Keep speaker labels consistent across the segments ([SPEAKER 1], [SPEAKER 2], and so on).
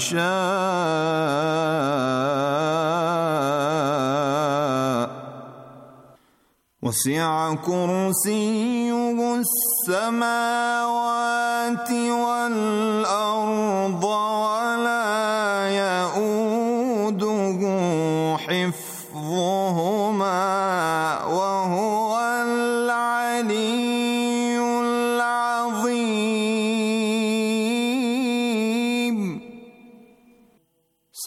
[SPEAKER 1] يشاء وسع كرسيه السماوات والأرض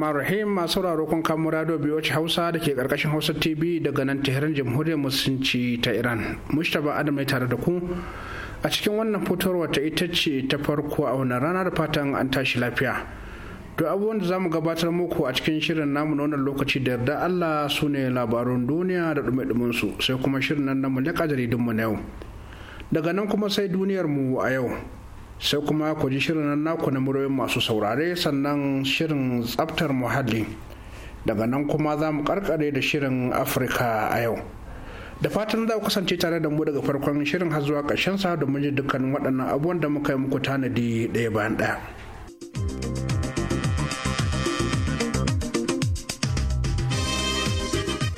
[SPEAKER 2] rahman rahim masu sauraro kun kan murado biyu hausa da ke karkashin hausa tv daga nan tehran jamhuriyar musulunci ta iran mustapha adam ne tare da ku a cikin wannan fitowar ta ita ce ta farko a wannan ranar fatan an tashi lafiya to abubuwan da zamu gabatar muku a cikin shirin namu na wannan lokaci da yarda allah su ne labarun duniya da dume su sai kuma shirin nan na mu jaridun mu na yau daga nan kuma sai duniyar mu a yau sai kuma ku ji shirin naku na muryoyin masu saurare sannan shirin tsaftar muhalli daga nan kuma za mu karkare da shirin afirka a yau da fatan za ku kasance tare da mu daga farkon shirin har zuwa ƙarshen sa domin jin dukkanin waɗannan abubuwan da muka yi muku tanadi ɗaya
[SPEAKER 3] bayan ɗaya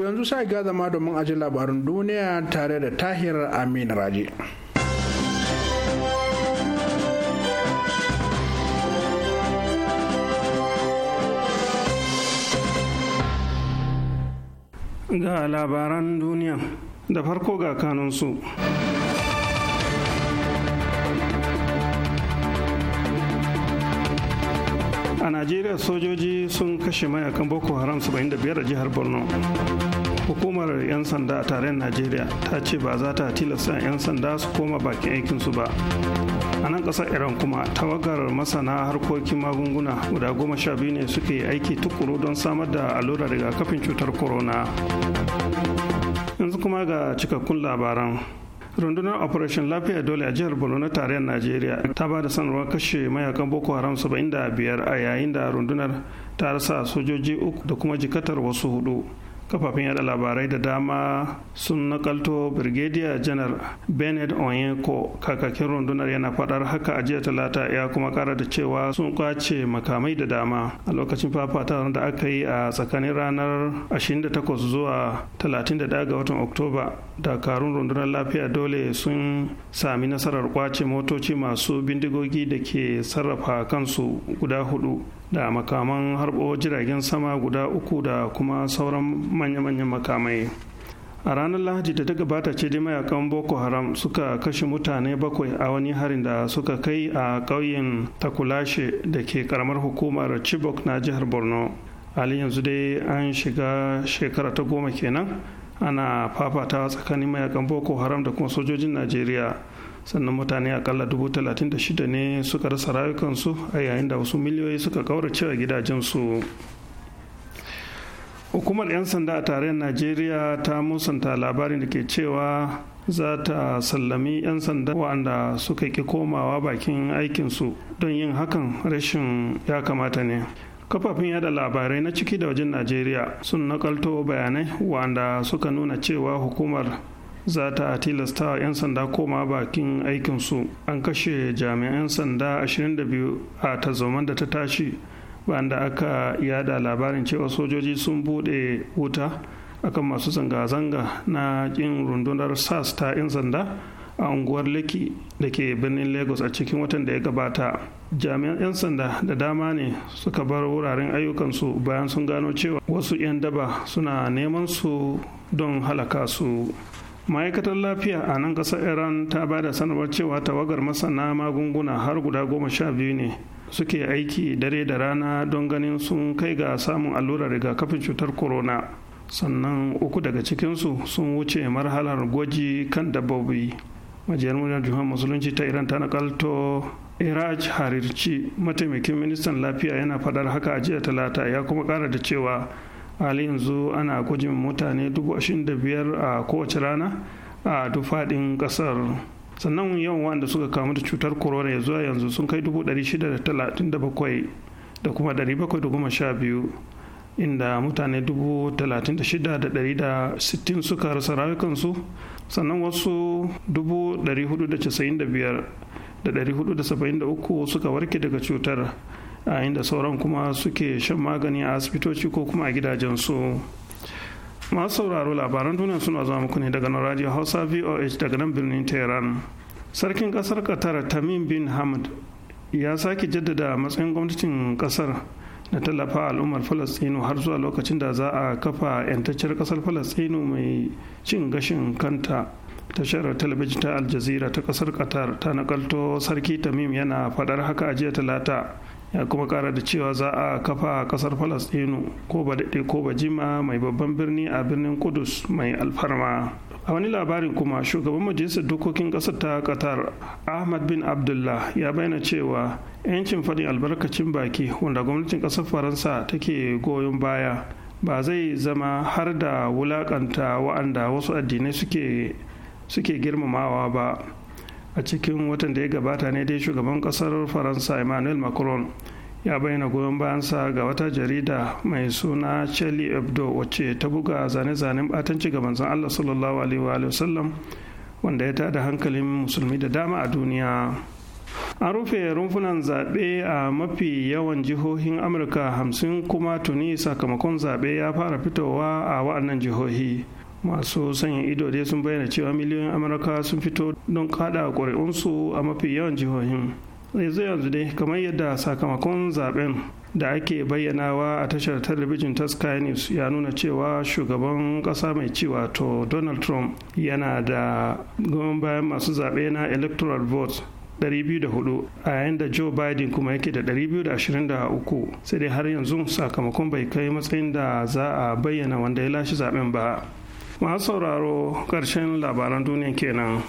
[SPEAKER 2] To yanzu sai ga zama domin ajin labarin duniya tare da Tahir Amin Raji.
[SPEAKER 4] Ga labaran duniya da farko ga kanunsu. a najeriya sojoji sun kashe mayakan boko haram 75 a jihar borno hukumar 'yan sanda a tarayyar najeriya ta ce ba za ta tilasta 'yan sanda su koma bakin aikinsu ba a nan ƙasar iran kuma tawagar masana harkokin magunguna guda goma sha biyu ne suke aiki tukuru don samar da allurar rigakafin cutar corona yanzu kuma ga cikakkun labaran rundunar operation lafiya dole a jihar borno na tarayyar najeriya ta ba da sanarwar kashe mayakan boko haram saba'in da biyar a yayin da rundunar ta rasa sojoji uku da kuma jikatar wasu hudu kafafen yada labarai da dama sun nakalto brigadier janar bernard onyeko kakakin rundunar yana fadar haka a jiya talata ya kuma kara da cewa sun kwace makamai da dama a lokacin fafatawar da aka yi a tsakanin ranar 28 zuwa 31 ga watan oktoba dakarun rundunar lafiya dole sun sami nasarar kwace motoci masu bindigogi da ke sarrafa kansu guda hudu da makaman harbo jiragen sama guda uku da kuma sauran manya-manyan makamai a ranar lahadi da ta gabata ce dai mayakan boko haram suka kashe mutane bakwai a wani harin da suka kai a ƙauyen takulashe da ke karamar hukumar chibok na jihar borno hali yanzu dai an shiga shekara ta goma kenan ana fafata tsakanin mayakan boko haram da kuma sojojin najeriya sannan mutane akalla dubu talatin da shida ne suka rasa rayukansu a yayin da wasu miliyoyi suka a gidajensu hukumar 'yan sanda a tarayyar najeriya ta musanta labarin da ke cewa za ta sallami 'yan sanda waɗanda suka ki komawa bakin aikinsu don yin hakan rashin ya kamata ne kafafen yada labarai na ciki da wajen najeriya sun nakalto bayanai waɗanda suka nuna cewa hukumar za ta tilasta 'yan sanda koma bakin aikinsu an kashe jami'an sanda 22 a tazoman da ta tashi da aka yada labarin cewa sojoji sun bude wuta akan masu zanga-zanga na kin rundunar sas ta 'yan sanda a unguwar leki da ke birnin lagos a cikin watan da ya gabata jami'an 'yan sanda da dama ne suka bar wuraren ayyukansu bayan sun gano cewa wasu 'yan daba suna neman su don halaka su ma'aikatar lafiya a nan ƙasar iran ta ba da sanarwar cewa tawagar masana magunguna har guda goma sha biyu ne suke aiki dare da rana don ganin sun kai ga samun allurar rigakafin cutar corona sannan uku daga cikinsu sun wuce marhalar gwaji kan dabbobi majiyar muryar jihar musulunci ta iran ta nakalto iraj harirci mataimakin ministan lafiya yana faɗar haka a jiya talata ya kuma ƙara da cewa hali yanzu ana gujin mutane dubu ashirin da biyar a kowace rana a dufaɗin ƙasar sannan yawan wanda suka kamu da cutar corona ya zuwa yanzu sun kai dubu ɗari shida da talatin da bakwai da kuma ɗari bakwai da sha biyu inda mutane dubu talatin da shida da ɗari da sittin suka rasa rayukansu sannan wasu dubu ɗari da casa'in da biyar da ɗari da saba'in da uku suka warke daga cutar a inda sauran kuma suke shan magani a asibitoci ko kuma a gidajen su. masu sauraro labaran duniya suna zuwa muku ne daga nan radio hausa voh daga nan birnin tehran sarkin kasar qatar tamim bin hamad ya sake jaddada matsayin gwamnatin kasar na tallafa al'ummar falastinu har zuwa lokacin da za a kafa 'yantacciyar kasar falastinu mai cin gashin kanta tashar talabijin ta aljazira ta kasar qatar ta nakalto sarki tamim yana faɗar haka a jiya talata ya kuma kara da cewa za a kafa kasar falastinu ko ba daɗe ko ba jima mai babban birni a birnin kudus mai alfarma a wani labarin kuma shugaban majalisar dokokin ƙasar ta qatar ahmad bin abdullah ya bayyana cewa 'yancin faɗin albarkacin baki wanda gwamnatin ƙasar faransa take goyon baya ba zai zama har da wulaƙanta wa'anda wasu addinai suke girmamawa ba a cikin watan da ya gabata ne dai shugaban kasar faransa emmanuel macron ya bayyana goyon bayansa ga wata jarida mai suna charlie hebdo wacce ta buga zane-zanen batanci ga manzon allah sallallahu alaihi wa sallam wanda ya tada hankalin musulmi da dama a duniya an rufe rumfunan zaɓe a mafi yawan jihohin amurka hamsin kuma tuni sakamakon zaɓe ya fara fitowa a waɗannan jihohi masu sanya ido dai sun bayyana cewa miliyoyin amurka sun fito don kada ƙuri'unsu a mafi yawan jihohin yanzu yanzu dai kamar yadda sakamakon zaben da ake bayyanawa a tashar talabijin ta sky news ya nuna cewa shugaban kasa mai cewa to donald trump yana da goma bayan masu zaɓe na electoral vote 204 a yayin da joe biden kuma yake da 223 sai dai har yanzu sakamakon bai kai matsayin da za a bayyana wanda ya lashe zaben ba masu sauraro ƙarshen labaran duniya kenan.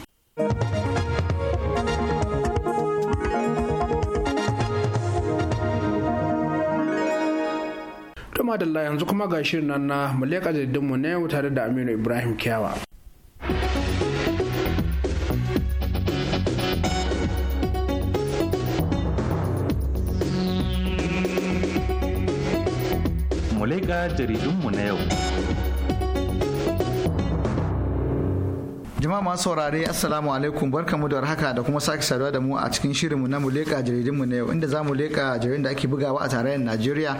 [SPEAKER 2] Tuma da yanzu kuma ga shirin nan na muleka jaridinmu na yau tare da Aminu Ibrahim Kyawa.
[SPEAKER 3] Muleka jaridunmu na yau.
[SPEAKER 5] Jama'a masu saurare Assalamu alaikum barkamu da warhaka da kuma sake saduwa da mu a cikin shirinmu na mu leka jaridun mu yau inda za mu leka jaridun da ake bugawa a tarayyar Najeriya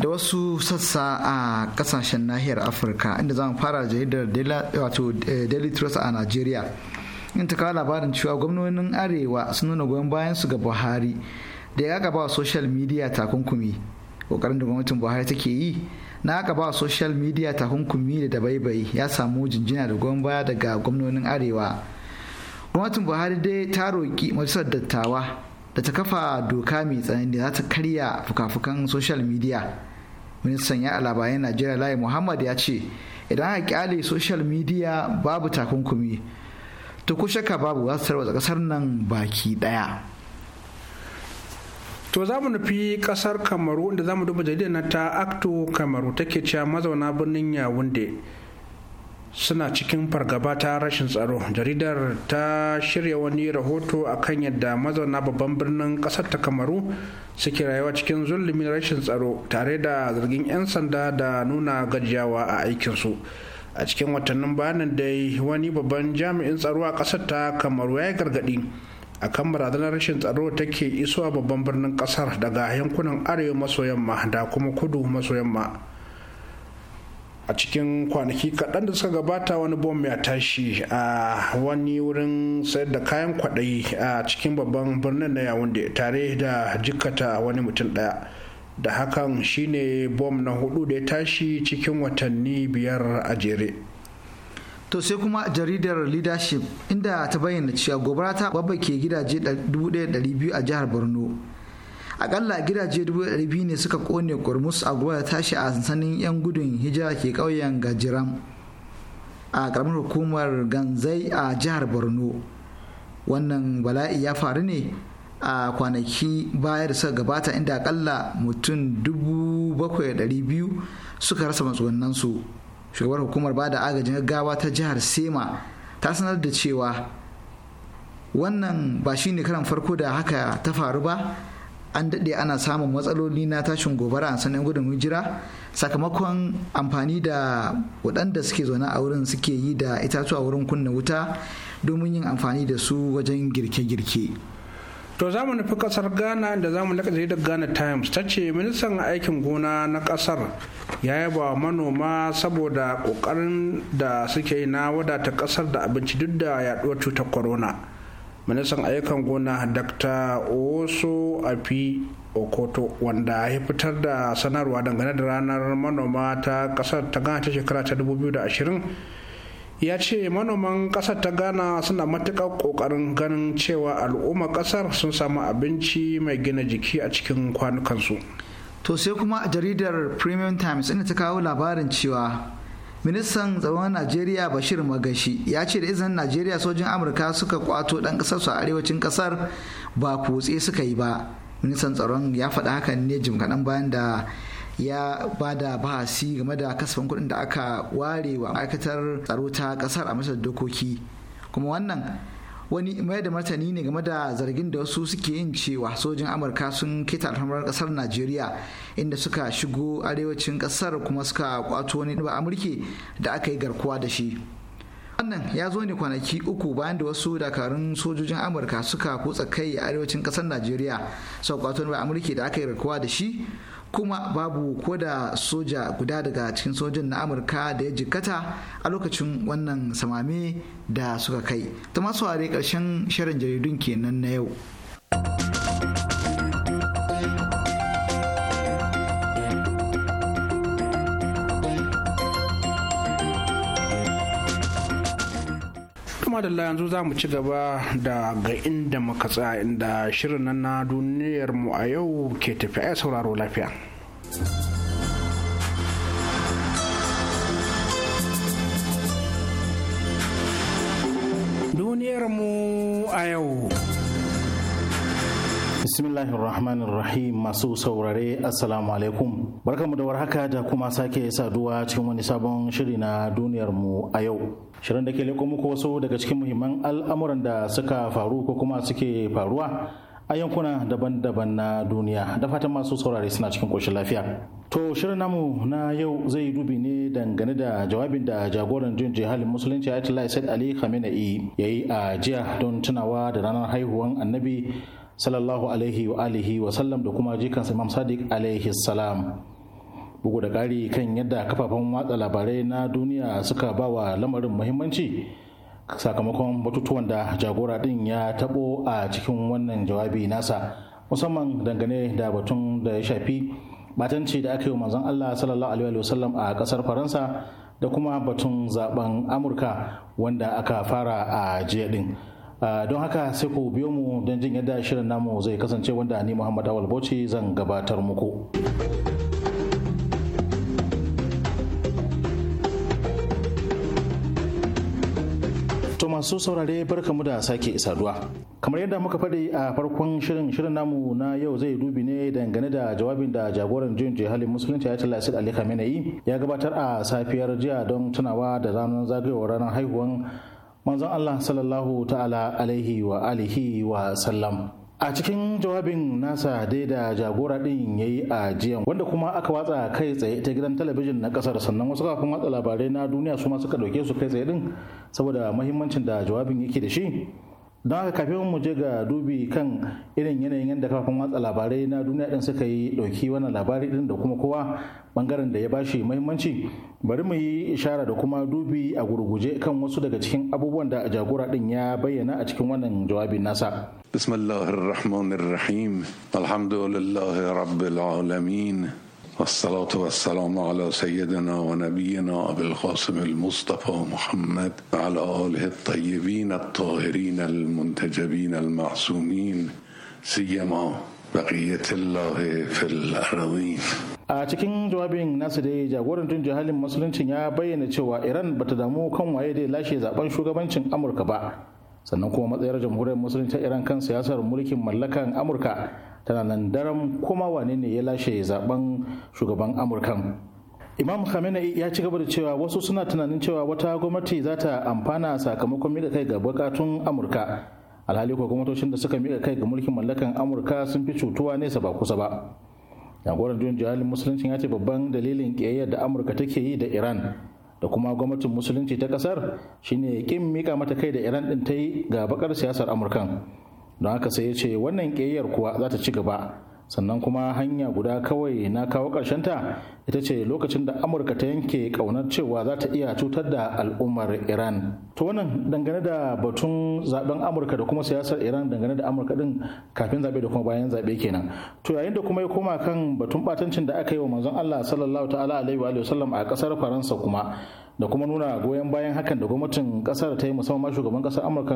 [SPEAKER 5] da wasu sassa a kasashen nahiyar Afirka inda za mu fara jaridar wato eh, Daily Trust a Najeriya. In ta kawo labarin cewa gwamnonin Arewa sun nuna goyon bayan su ga Buhari da ya gaba social media takunkumi. Kokarin da gwamnatin Buhari take yi na aka ba social media takunkumi da dabaibai ya samu jinjina da goyon daga gwamnonin arewa gwamnatin buhari dai ta roƙi majalisar dattawa da ta kafa doka mai tsanani da za ta karya fukafukan fukan social media ministan ya labarai najeriya lai muhammad ya ce idan aka kyale social media babu takunkumi to ko shakka babu za su tarwatsa kasar nan baki daya To za mu nufi kasar Kamaru inda za mu
[SPEAKER 2] duba jaridar na ta Akto Kamaru take cewa mazauna birnin Yawunde suna cikin fargaba ta rashin tsaro. Jaridar ta shirya wani rahoto a kan yadda mazauna babban birnin kasar ta Kamaru suke rayuwa cikin zulumin rashin tsaro tare da zargin 'yan sanda da nuna gajiyawa a aikinsu. A cikin watannin bayanan dai wani babban jami'in tsaro a ƙasar ta Kamaru ya yi gargaɗi. a kan barazanar rashin tsaro ta take isuwa babban birnin kasar daga yankunan arewa maso yamma da kuma kudu maso yamma a cikin kwanaki kaɗan da suka gabata wani bom ya tashi a wani wurin sayar da kayan kwaɗayi a cikin babban birnin na yawunde tare da jikata wani mutum ɗaya da hakan shine bom na hudu da ya tashi cikin watanni biyar a jere
[SPEAKER 5] to sai kuma jaridar leadership inda ta bayyana cewa gobara ta ke gidaje 1200 a jihar borno akalla gidaje 1200 ne suka kone kurmus a gobara tashi a sansanin 'yan gudun hijira ke ƙauyen gajiram a ƙaramin hukumar ganzai a jihar borno wannan bala'i ya faru ne a kwanaki baya da suka gabata inda akalla mutum 7,200 suka rasa matsugunansu shugabar hukumar ba da agajin gaggawa ta jihar sema ta sanar da cewa wannan ba shi ne karan farko da haka ta faru ba an daɗe ana samun matsaloli na tashin gobara a sanin gudun hijira sakamakon amfani da waɗanda suke zaune a wurin suke yi da itatuwa wurin kunna wuta domin yin amfani da su wajen girke-girke.
[SPEAKER 2] to za mu nufi kasar ghana inda za mu laka jaridar ghana times ta ce ministan aikin gona na kasar ya yaba manoma saboda kokarin da suke yi na wadata kasar da abinci duk da yaduwar cutar corona ministan aikin gona dr oso afi okoto wanda ya fitar da sanarwa dangane da ranar manoma ta kasar ta ghana ta shekara ta 2020 ya ce manoman ƙasar ta ghana suna matuƙar ƙoƙarin ganin cewa al'ummar
[SPEAKER 5] ƙasar sun samu abinci mai gina jiki a cikin kwanukansu to sai kuma a jaridar premium times inda ta kawo labarin cewa ministan tsaron najeriya bashir magashi ya ce da izinin najeriya sojin amurka suka kwato ɗan ƙasar su a arewacin ƙasar ba kutse suka yi ba ministan tsaron ya faɗa hakan ne jim kaɗan bayan da ya ba da bahasi game da kasafin kuɗin da aka ware wa ma'aikatar tsaro ta ƙasar a masar dokoki kuma wannan wani mai da martani ne game da zargin da wasu suke yin cewa sojin amurka sun keta alhamar kasar najeriya inda suka shigo arewacin kasar kuma suka kwato wani ba amurke da aka yi garkuwa da shi wannan ya zo ne kwanaki uku bayan da wasu dakarun sojojin amurka suka kutsa kai a arewacin kasar najeriya sau kwato ba amurke da aka yi garkuwa da shi kuma babu ko da soja guda daga cikin sojin na amurka da ya jikkata a lokacin wannan samame da suka kai ta masu ware ƙarshen shirin jaridun kenan na yau.
[SPEAKER 2] madalla yanzu za mu ci gaba da ga inda muka tsaya inda shirin nan na duniyar mu a yau ke tafi a sauraro lafiya. Duniyar mu a yau.
[SPEAKER 6] Bismillahirrahmanirrahim masu saurare assalamu alaikum. Barkamu da warhaka da kuma sake saduwa cikin wani sabon shiri na duniyar mu a yau. shirin da ke leko muku wasu daga cikin muhimman al'amuran da suka faru ko kuma suke faruwa a yankuna daban-daban na duniya da fatan masu saurari suna cikin koshin lafiya to shirin namu na yau zai dubi ne dangane da jawabin da jagoran jin jihalin musulunci ayatollah said ali khamenei ya yi a jiya don tunawa da ranar haihuwan annabi sallallahu alaihi wa alihi wa sallam da kuma jikansa imam sadiq alaihi salam bugu da ƙari kan yadda kafafen watsa labarai na duniya suka ba wa lamarin muhimmanci sakamakon batutuwan da jagora din ya taɓo a cikin wannan jawabi nasa musamman dangane da batun da ya shafi batanci da aka yi manzon Allah sallallahu alaihi sallam a kasar Faransa da kuma batun zaben Amurka wanda aka fara a jiya din don haka sai ku biyo mu don jin yadda shirin namu zai kasance wanda ni Muhammad Awal Bauchi zan gabatar muku. masu saurare barkamu da sake saduwa. Kamar yadda muka faɗi a farkon shirin shirin namu na yau zai dubi ne dangane da jawabin da jagoran jin jihalin musulunci ya tilasid Ali Khamenei ya gabatar a safiyar jiya don tunawa da ranar zagayowar ranar haihuwan manzon Allah sallallahu ta'ala alaihi wa alihi wa sallam. a cikin jawabin nasa dai da jagora din ya yi a jiyan wanda kuma aka watsa kai tsaye ta gidan talabijin na kasar sannan wasu kafin watsa labarai na duniya su ma suka ɗauke su kai tsaye din saboda mahimmancin da jawabin yake da shi don haka kafin mu je ga dubi kan irin yanayin yadda kafin watsa labarai na duniya din suka yi ɗauki wannan labari din da kuma kowa bangaren da ya bashi muhimmanci bari mu yi ishara da kuma dubi a gurguje kan wasu daga cikin abubuwan da jagora din ya bayyana a cikin wannan jawabin nasa
[SPEAKER 7] bismillahir alhamdulillahi rabbil alamin والصلاة والسلام على سيدنا ونبينا أبي القاسم المصطفى محمد وعلى آله الطيبين الطاهرين المنتجبين المعصومين سيما بقية الله في الأرضين
[SPEAKER 6] a cikin jawabin nasa da ya jagoran tun jihalin musulunci ya bayyana cewa iran bata damu kan waye da lashe zaben shugabancin amurka ba sannan kuma matsayar jamhuriyar musulunci ta iran kan siyasar mulkin mallakan amurka tana nan daram kuma wane ne ya lashe zaben shugaban amurkan imam khamenei ya ci gaba da cewa wasu suna tunanin cewa wata gwamnati za ta amfana sakamakon miƙa kai ga bukatun amurka alhali ko gwamnatocin da suka miƙa kai ga mulkin mallakan amurka sun fi cutuwa nesa ba kusa ba jagoran juyin jihalin musulunci ya ce babban dalilin ƙiyayyar da amurka take yi da iran da kuma gwamnatin musulunci ta kasar shine kin miƙa mata kai da iran ɗin ta yi ga bakar siyasar amurkan don haka sai ya ce wannan ƙiyayyar kuwa za ta ci gaba sannan kuma hanya guda kawai na kawo ta ita ce lokacin da amurka ta yanke ƙaunar cewa za ta iya cutar da al'ummar iran to wannan dangane da batun zaben amurka da kuma siyasar iran dangane da amurka din kafin zaɓe da kuma bayan zaɓe kenan to yayin da kuma ya koma kan batun batancin da aka yi wa manzon allah sallallahu ta'ala alaihi wa sallam a kasar faransa kuma da kuma nuna goyon bayan hakan da gwamnatin kasar ta yi musamman shugaban kasar amurka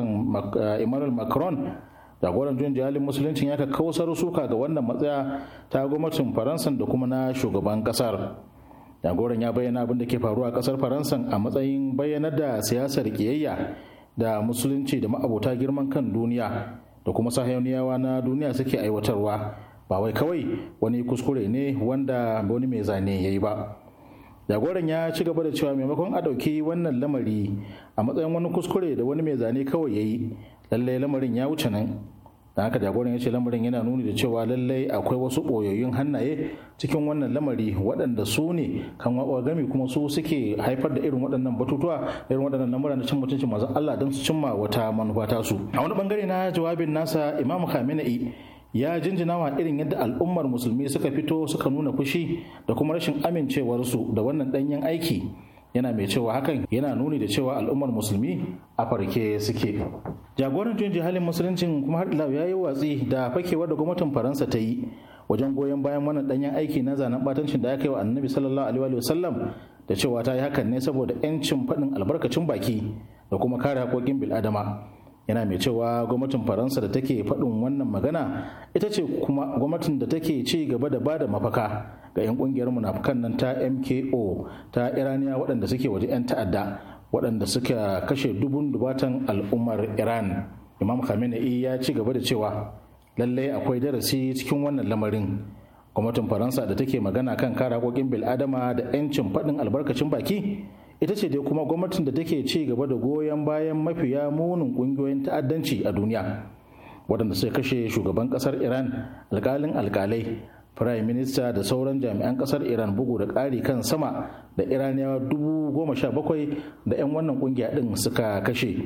[SPEAKER 6] eh, emmanuel macron jagoran jun jihalin Musulunci ya kakkausar suka ga wannan matsaya ta gwamnatin faransa da kuma na shugaban kasar jagoran ya bayyana abin da ke faruwa a kasar faransan a matsayin bayyanar da siyasar kiyayya da musulunci da ma'abota girman kan duniya da kuma sahayoniyawa na duniya suke aiwatarwa ba wai kawai wani kuskure ne wanda wani mai zane ya yi ba jagoran ya ci gaba da cewa maimakon a ɗauki wannan lamari a matsayin wani kuskure da wani mai zane kawai ya yi lallai lamarin ya wuce nan da haka jagoran ya ce lamarin yana nuni da cewa lallai akwai wasu ɓoyoyin hannaye cikin wannan lamari waɗanda su ne kan waɓa gami kuma su suke haifar da irin waɗannan batutuwa irin waɗannan lamura na cin mutuncin mazan Allah don su cimma wata manufa su a wani bangare na jawabin nasa imamu Khamenei ya jinjina wa irin yadda al'ummar musulmi suka fito suka nuna fushi da kuma rashin amincewarsu da wannan ɗanyen aiki yana mai cewa hakan yana nuni da cewa al'ummar musulmi a farke suke jagoran juyin halin musuluncin kuma har ya yi watsi da fakewa da gwamnatin faransa ta yi wajen goyon bayan wannan danyen aiki na zanen batancin da aka yi wa annabi sallallahu alaihi wa sallam da cewa ta yi hakan ne saboda 'yancin faɗin albarkacin baki da kuma kare haƙoƙin bil'adama yana mai cewa gwamnatin faransa da take faɗin wannan magana ita ce kuma gwamnatin da take ci gaba da bada mafaka ga 'yan kungiyar munafukan nan ta mko ta iraniya waɗanda suke waje 'yan ta'adda waɗanda suka kashe dubun dubatan al'ummar iran imam khamenei ya ci gaba da cewa lallai akwai darasi cikin wannan lamarin gwamnatin faransa da take magana kan kare haƙoƙin bil'adama da 'yancin faɗin albarkacin baki ita ce dai kuma gwamnatin da take ci gaba da goyon bayan mafiya munin ƙungiyoyin ta'addanci a duniya waɗanda suka kashe shugaban ƙasar iran alƙalin alƙalai prime minister da sauran jami'an kasar iran bugu da ƙari kan sama da iraniyawa dubu goma sha bakwai da 'yan wannan kungiya ɗin suka kashe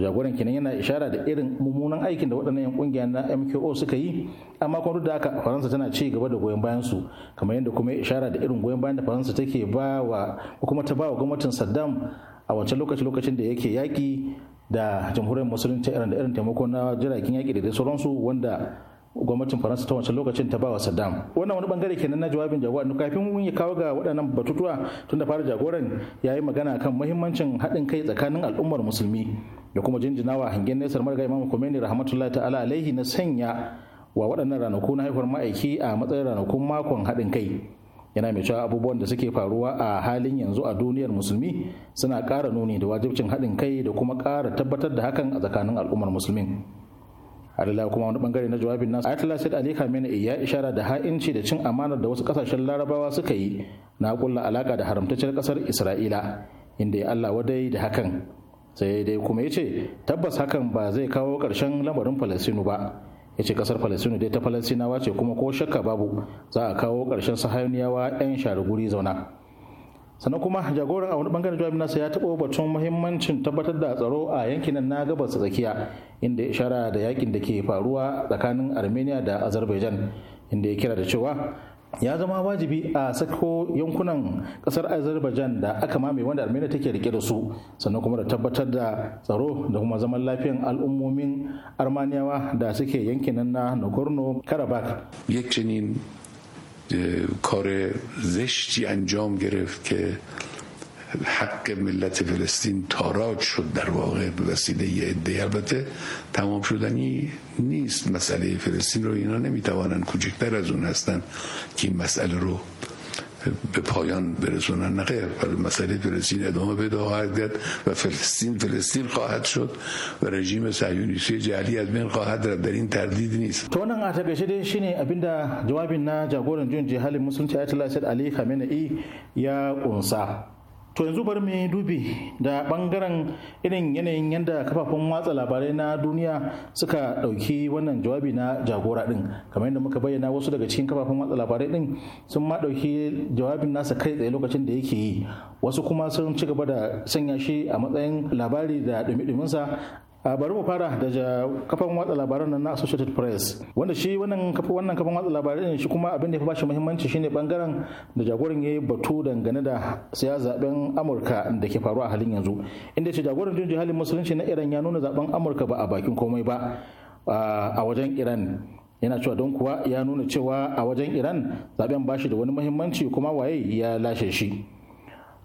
[SPEAKER 6] jagoran kenan yana ishara da irin mummunan aikin da waɗannan 'yan kungiya na mko suka yi amma kuma da haka faransa tana ci gaba da goyon bayan su kamar yadda kuma ya ishara da irin goyon bayan da faransa take ba wa kuma ta ba wa gwamnatin saddam a wancan lokaci lokacin da yake yaƙi da jamhuriyar musulunci iran da irin taimako na jiragen yaƙi da dai sauransu wanda gwamnatin faransa ta wancan lokacin ta bawa saddam wannan wani bangare kenan na jawabin jagoran kafin mun ya kawo ga waɗannan batutuwa tun da fara jagoran ya yi magana kan muhimmancin haɗin kai tsakanin al'ummar musulmi da kuma jinjinawa hangen nesar marga imam kumeni rahmatullahi ta'ala alaihi na sanya wa waɗannan ranaku na haifar ma'aiki a matsayin ranakun makon haɗin kai yana mai cewa abubuwan da suke faruwa a halin yanzu a duniyar musulmi suna ƙara nuni da wajibcin haɗin kai da kuma ƙara tabbatar da hakan a tsakanin al'ummar musulmin harila kuma wani bangare na jawabin nasa ayatollah said ali khamenei ya ishara da ha'inci da cin amanar da wasu kasashen larabawa suka yi na kulla alaka da haramtaccen kasar isra'ila inda ya allah wadai da hakan sai dai kuma ya ce tabbas hakan ba zai kawo karshen lamarin Falasinu ba ya ce kasar Falasinu dai ta Falasinawa ce kuma ko shakka babu za a kawo karshen sahayoniyawa 'yan shari guri zauna sannan kuma jagoran a wani bangaren jawabin nasa ya taɓo batun muhimmancin tabbatar da tsaro a yankin na gabas tsakiya inda ya shara da yakin da ke faruwa tsakanin armenia da azerbaijan inda ya kira da cewa ya zama wajibi a sako yankunan kasar azerbaijan da aka mame wanda armenia take rike da su sannan kuma da tabbatar da tsaro da kuma zaman lafiyan al'ummomin armaniyawa da suke yankin na nagorno karabakh
[SPEAKER 7] کار زشتی انجام گرفت که حق ملت فلسطین تاراج شد در واقع به وسیله یه عده البته تمام شدنی نیست مسئله فلسطین رو اینا نمیتوانند کوچکتر از اون هستن که این مسئله رو به پایان برسونن نه خیر مسئله فلسطین ادامه پیدا خواهد کرد و فلسطین فلسطین خواهد شد و رژیم صهیونیستی جعلی از بین خواهد رفت در این تردید
[SPEAKER 6] نیست تو نن اتا گشه دین شینی ابیندا جوابین نا جاگورن جون جهل مسلم چاتلا سید علی خامنه ای یا اونسا to yanzu bari mu dubi da bangaren irin yanayin yadda kafafen watsa labarai na duniya suka ɗauki wannan jawabi na jagora din kamar yadda muka bayyana wasu daga cikin kafafen watsa labarai din sun ma dauki jawabin nasa kai tsaye lokacin da yake yi wasu kuma sun ci gaba da sanya shi a matsayin labari da dumi-duminsa bari mu fara da kafan watsa labaran nan na associated press wanda shi wannan kafa wannan kafan watsa labaran shi kuma abin da ya fi bashi muhimmanci shine bangaren da jagoran yayi batu dangane da siya zaben amurka da ke faruwa a halin yanzu inda ce jagoran jinjin halin musulunci na iran ya nuna zaben amurka ba a bakin komai ba a wajen iran yana cewa don kuwa ya nuna cewa a wajen iran zaben bashi da wani muhimmanci kuma waye ya lashe shi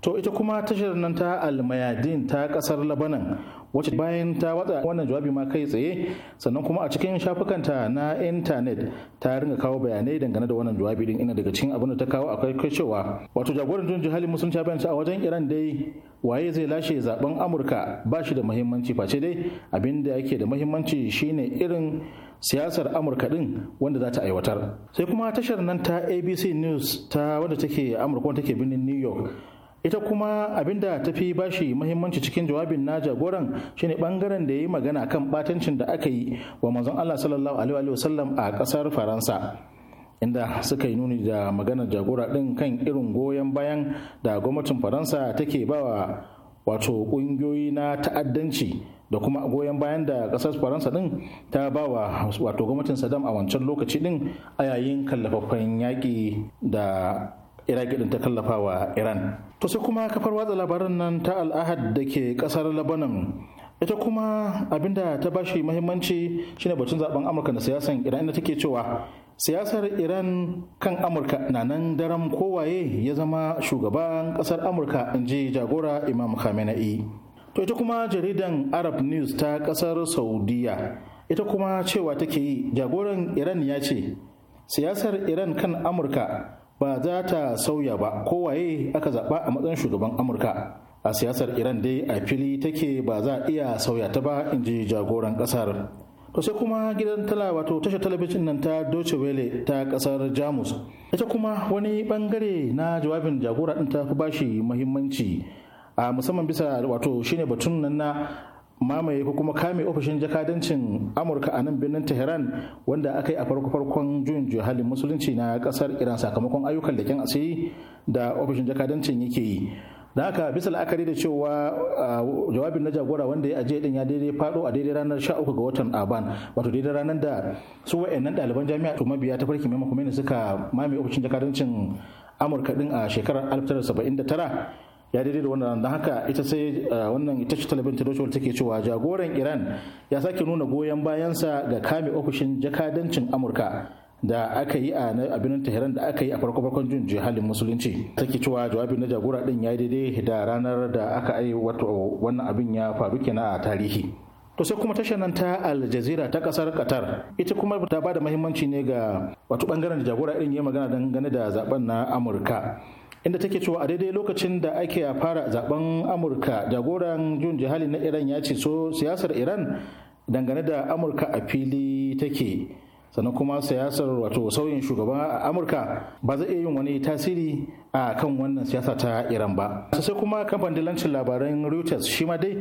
[SPEAKER 6] To ita kuma tashar nan ta almayadin ta kasar Labanan wacce bayan ta watsa wannan jawabi ma kai tsaye sannan kuma a cikin shafukanta na intanet ta ringa kawo bayanai dangane da wannan jawabi din ina daga cikin abin da ta kawo akwai kai cewa wato jagoran jin jihali musulunci bayan a wajen Iran dai waye zai lashe zaben Amurka ba shi da muhimmanci face dai abin da yake da muhimmanci shine irin siyasar amurka din wanda za ta aiwatar sai kuma tashar nan ta abc news ta wanda take amurka wanda take birnin new york ita kuma abinda ta fi bashi muhimmanci cikin jawabin na jagoran shine bangaren da ya yi magana kan batancin da aka yi wa manzon Allah sallallahu alaihi wa sallam a kasar Faransa inda suka yi nuni da maganar jagora din kan irin goyon bayan da gwamnatin Faransa take bawa wato kungiyoyi na ta'addanci da kuma goyon bayan da kasar Faransa din ta bawa wato gwamnatin Saddam a wancan lokaci din a yayin kallafaffen yaƙi da iraki din ta tallafa wa iran to sai kuma kafar watsa labaran nan ta al'ahad da ke kasar lebanon ita kuma abinda ta bashi mahimmanci shine batun zaben amurka da siyasan iran inda take cewa siyasar iran kan amurka na nan daren kowaye ya zama shugaban kasar amurka in ji jagora imam khamenei to ita kuma jaridan arab news ta ƙasar saudiya ita kuma cewa take yi jagoran iran ya ce siyasar iran kan amurka ba za ta sauya ba kowaye aka zaɓa a matsayin shugaban amurka a siyasar iran dai a fili take ba za a iya sauya ta ba in ji jagoran ƙasar to sai kuma gidan tala wato tashar talabijin nan ta doce Welle ta ƙasar Jamus ita kuma wani bangare na jawabin jagora din ta fi bashi muhimmanci a musamman bisa wato shine batun nan na mamaye ko kuma kame ofishin jakadancin amurka a nan birnin tehran wanda aka yi a farko-farkon juyin halin musulunci na kasar iran sakamakon ayyukan leƙen asiri da ofishin jakadancin yake yi da haka bisa la'akari da cewa jawabin na jagora wanda ya ajiye din ya daidai fado a daidai ranar 13 ga watan aban wato daidai ranar da su wa'annan ɗaliban jami'a to mabiya ta farki maimakon suka mame ofishin jakadancin amurka din a shekarar 1979 ya daidai da wannan don haka ita sai eh, wannan ita ce talabin ta doshewar take cewa jagoran iran ya sake nuna goyon bayansa ga kame ofishin jakadancin amurka da aka yi a abinin tehran da aka yi a farko farkon jin jihalin musulunci take cewa jawabin na jagora din ya daidai da ranar da aka yi wato wannan abin ya faru kenan a tarihi to sai kuma tashar nan ta al ta kasar qatar ita kuma ta ba da muhimmanci ne ga wato bangaren da jagora din ya magana dangane da zaben na amurka inda take cewa a daidai lokacin da ake fara zaben amurka jagoran jun jihali na iran ya ce so siyasar iran dangane da amurka a fili take sannan kuma siyasar wato sauyin shugaban a amurka ba zai iya yin wani tasiri a kan wannan siyasa ta iran ba sai kuma kamfanin dillancin labaran reuters shi ma dai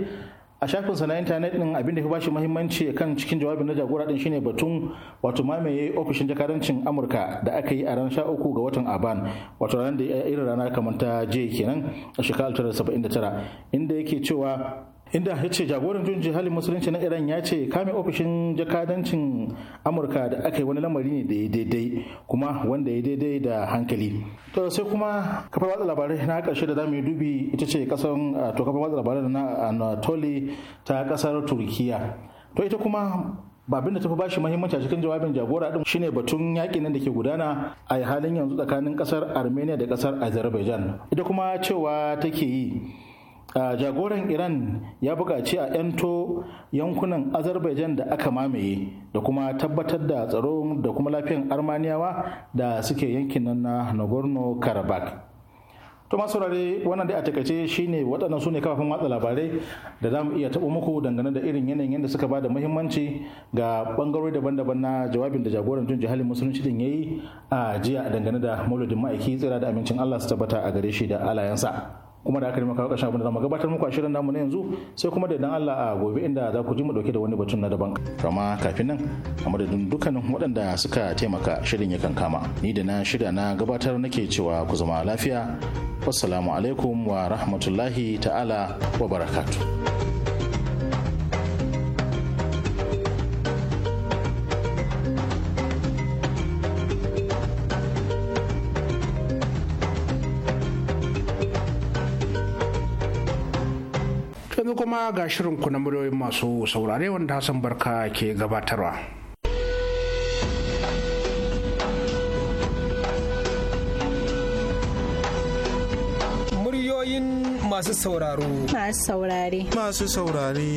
[SPEAKER 6] a shafinsa na intanet din abin da ya bashi muhimmanci kan cikin jawabin na jagora din shine batun wato mamaye ofishin jakarancin amurka da aka yi a ran sha uku ga watan aban wato ranar da irin rana kamar ta je kenan a shekarar 1979 inda yake cewa inda ya ce jagoran junji halin musulunci na iran ya ce kame ofishin jakadancin amurka da aka yi wani lamari ne da ya daidai kuma wanda ya daidai da hankali to sai kuma kafar watsa labarai na karshe da zamu yi dubi ita ce kasar to kafar watsa labarai na anatoli ta kasar turkiya to ita kuma babin da tafi bashi muhimmanci a cikin jawabin jagora din shine batun yakin nan da ke gudana a halin yanzu tsakanin kasar armenia da kasar azerbaijan ita kuma cewa take yi a jagoran iran ya bukaci a 'yanto yankunan azerbaijan da aka mamaye da kuma tabbatar da tsaro da kuma lafiyan armaniyawa da suke yankin nan na nagorno karabakh to masu rare wannan dai a takaice shine waɗannan su ne kafafen watsa labarai da za mu iya taɓo muku dangane da irin yanayin yadda suka bada da muhimmanci ga ɓangarori daban-daban na jawabin da jagoran jun jihalin musulunci din yayi a jiya dangane da mauludin ma'aiki tsira da amincin allah su tabbata a gare shi da alayansa kuma da aka maka ƙarshen abin da mu gabatar muku a shirin namu na yanzu sai kuma da idan Allah a gobe inda za ku ji mu dauke da wani batun na daban kama kafin nan a madadin dukkanin waɗanda suka taimaka shirin ya kan kama ni da na shirya na gabatar nake cewa ku zama lafiya wassalamu alaikum wa rahmatullahi ta'ala wa barakatuh
[SPEAKER 2] kuma ga shirinku na muryoyin masu saurare wanda Hassan Barka ke gabatarwa. Muryoyin masu sauraro.
[SPEAKER 8] Masu saurare. Masu
[SPEAKER 2] saurare.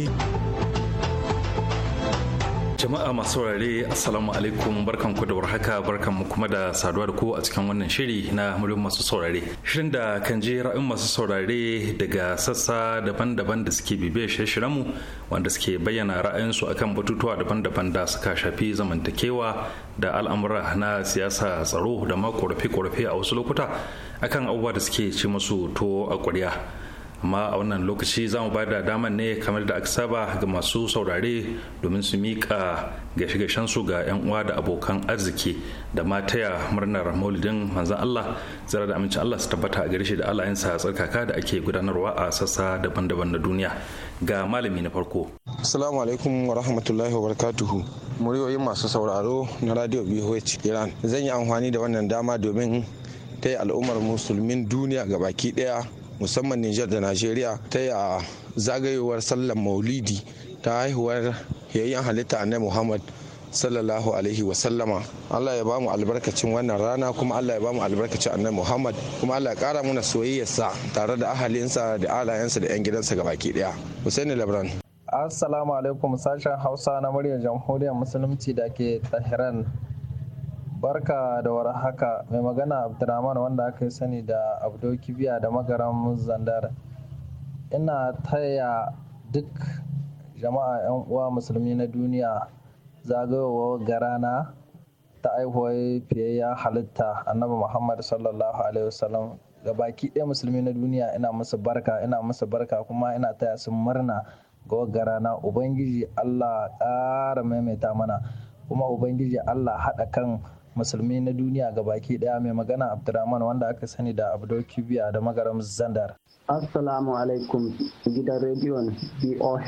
[SPEAKER 3] jama'a masu saurare assalamu alaikum barkan ku da warhaka barkan mu kuma da saduwa da ku a cikin wannan shiri na muryar masu saurare shirin da kan je ra'ayin masu saurare daga sassa daban-daban da suke bibiyar shirye-shiryen mu wanda suke bayyana ra'ayinsu akan batutuwa daban-daban da suka shafi zamantakewa da al'amura na siyasa tsaro da ma korafe-korafe a wasu lokuta akan abubuwa da suke ci musu to a ƙuriya amma a wannan lokaci za mu da daman ne kamar da aka saba ga masu saurare domin su miƙa gashe su ga 'yan uwa da abokan arziki da mataya murnar maulidin manzan Allah zara da amincin Allah su tabbata a gare shi da sa tsarkaka da ake gudanarwa a sassa daban-daban na duniya ga malami na farko.
[SPEAKER 7] Assalamu alaikum wa rahmatullahi wa barakatuhu. Muryoyin masu sauraro na Radio bih Iran. Zan yi amfani da wannan dama domin ta yi al'ummar musulmin duniya ga baki daya musamman Nijar da Najeriya ta yi a zagayowar sallar maulidi ta haihuwar yayin halitta annabi Muhammad sallallahu alaihi wasallama Allah ya bamu albarkacin wannan rana kuma Allah ya bamu albarkacin annabi Muhammad kuma Allah ya kara mana soyayyarsa tare da ahalinsa da alayensa da 'yan gidansa gabaki daya Husaini Labran
[SPEAKER 9] Assalamu alaikum sashen Hausa na muryar Jamhuriyar Musulunci da ke Tehran barka da war haka mai magana abdurrahman wanda aka sani da abdoki biya da magaran zandar ina taya
[SPEAKER 2] duk jama'a 'yan uwa musulmi na duniya zagayowar garana ta aihuwar fiyayya halitta annabi muhammad sallallahu alaihi wasallam ga baki ɗaya musulmi na duniya ina musu barka ina musu barka kuma ina taya su murna
[SPEAKER 9] ga wagarana ubangiji allah ƙara maimaita mana kuma ubangiji allah haɗa kan musulmi na duniya ga baki daya mai magana abdurrahman wanda aka sani da
[SPEAKER 2] abdul kibiya da magaram zandar
[SPEAKER 9] assalamu alaikum gidan rediyon boh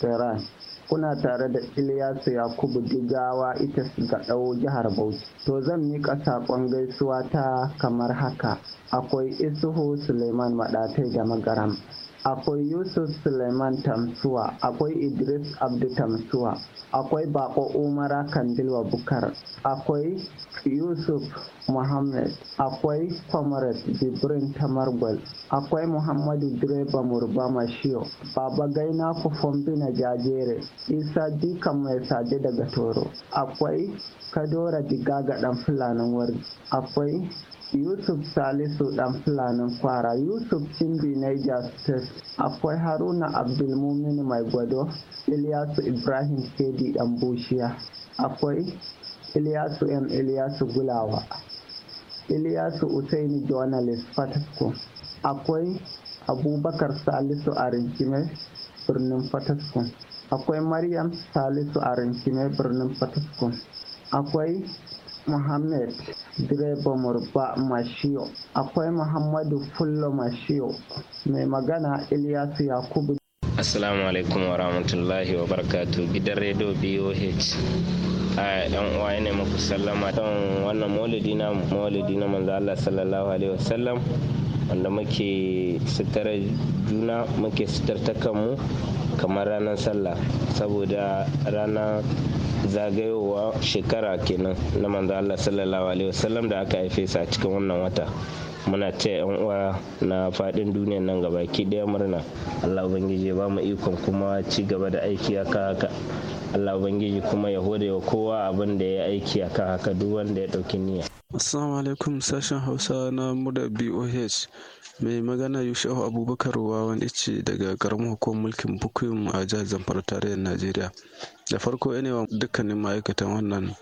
[SPEAKER 9] tehran kuna tare da Ilyasu Yakubu Digawa ita ga dau jihar Bauchi. To zan mika saƙon gaisuwa ta kamar haka. Akwai Isuhu Suleiman Maɗatai da Magaram. akwai yusuf suleiman tamsuwa akwai idris abdu tamsuwa akwai bako umara kandilwa bukar akwai yusuf muhammad akwai comrade jibrin tamargwal akwai muhammadu direba murba mashiyo baba gaina kufombi jajere isa dika mai sade daga toro akwai kadora diga ga dan fulanin wargi akwai yusuf salisu dan fulanin kwara yusuf bi niger state akwai haruna abdulmumin mai gwado ilyasu ibrahim kedi dan bushiya akwai ilyasu m ilyasu gulawa ilyasu usaini journalist fatasko akwai abubakar salisu arinkime birnin fatasko akwai maryam salisu a birnin fatasko akwai Muhammad direba murba mashiyo akwai muhammadu fullo mashiyo mai magana ilyasu yakubu
[SPEAKER 7] Assalamu alaikum wa rahmatullahi wa barakatu gidan rediyo BOH a yan uwa ne muku sallama kan wannan maulidi na maulidi na manzo Allah sallallahu alaihi wasallam wanda muke sitarar juna muke sitarta kanmu kamar ranar sallah saboda rana zagayowa shekara kenan na manzo Allah sallallahu alaihi wasallam da aka haife sa cikin wannan wata muna taya yan uwa na faɗin duniyar nan ki ɗaya murna allah ubangiji ba mu ikon kuma ci gaba da aiki haka haka allah ubangiji kuma ya hore wa kowa abin da ya aiki aka haka duk wanda ya ɗauki niyya assalamu alaikum sashen hausa na muda boh mai magana yushehu abubakar wawan ce daga karamin hukumar mulkin bukuyum a jihar zamfara tarayyar najeriya da farko ina wa dukkanin ma'aikatan wannan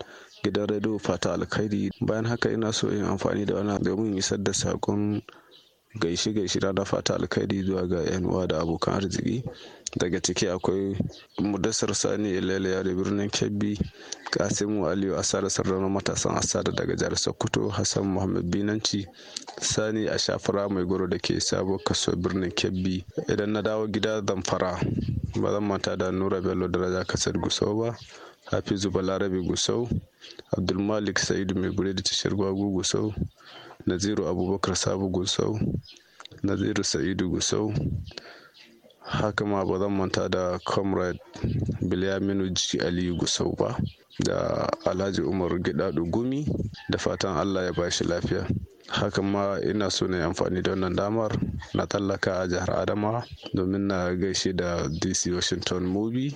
[SPEAKER 7] gidan rediyo fata alkhairi bayan haka ina so yin amfani da wannan domin isar da sakon gaishe gaishe na fata alkhairi zuwa ga yan uwa da abokan arziki daga ciki akwai mudassar sani ilele yare birnin kebbi kasimu aliyu asara sarranar matasan asara daga jihar sokoto hassan muhammad binanci sani a shafara mai goro da ke sabo kaso birnin kebbi idan na dawo gida zamfara ba zan manta da nura bello daraja kasar gusau ba hafizu balarabe gusau abdulmalik sa'idu mai gure da tashar gwagu gusau naziru abubakar sabu gusau naziru sa'idu gusau haka ma ba zan manta da comrade bilyaminu ji Ali gusau ba da alhaji umar gidadu gumi da fatan allah ya bashi lafiya haka ma ina so na yi amfani da wannan damar na tallaka a jihar adama domin na gaishe da dc washington movie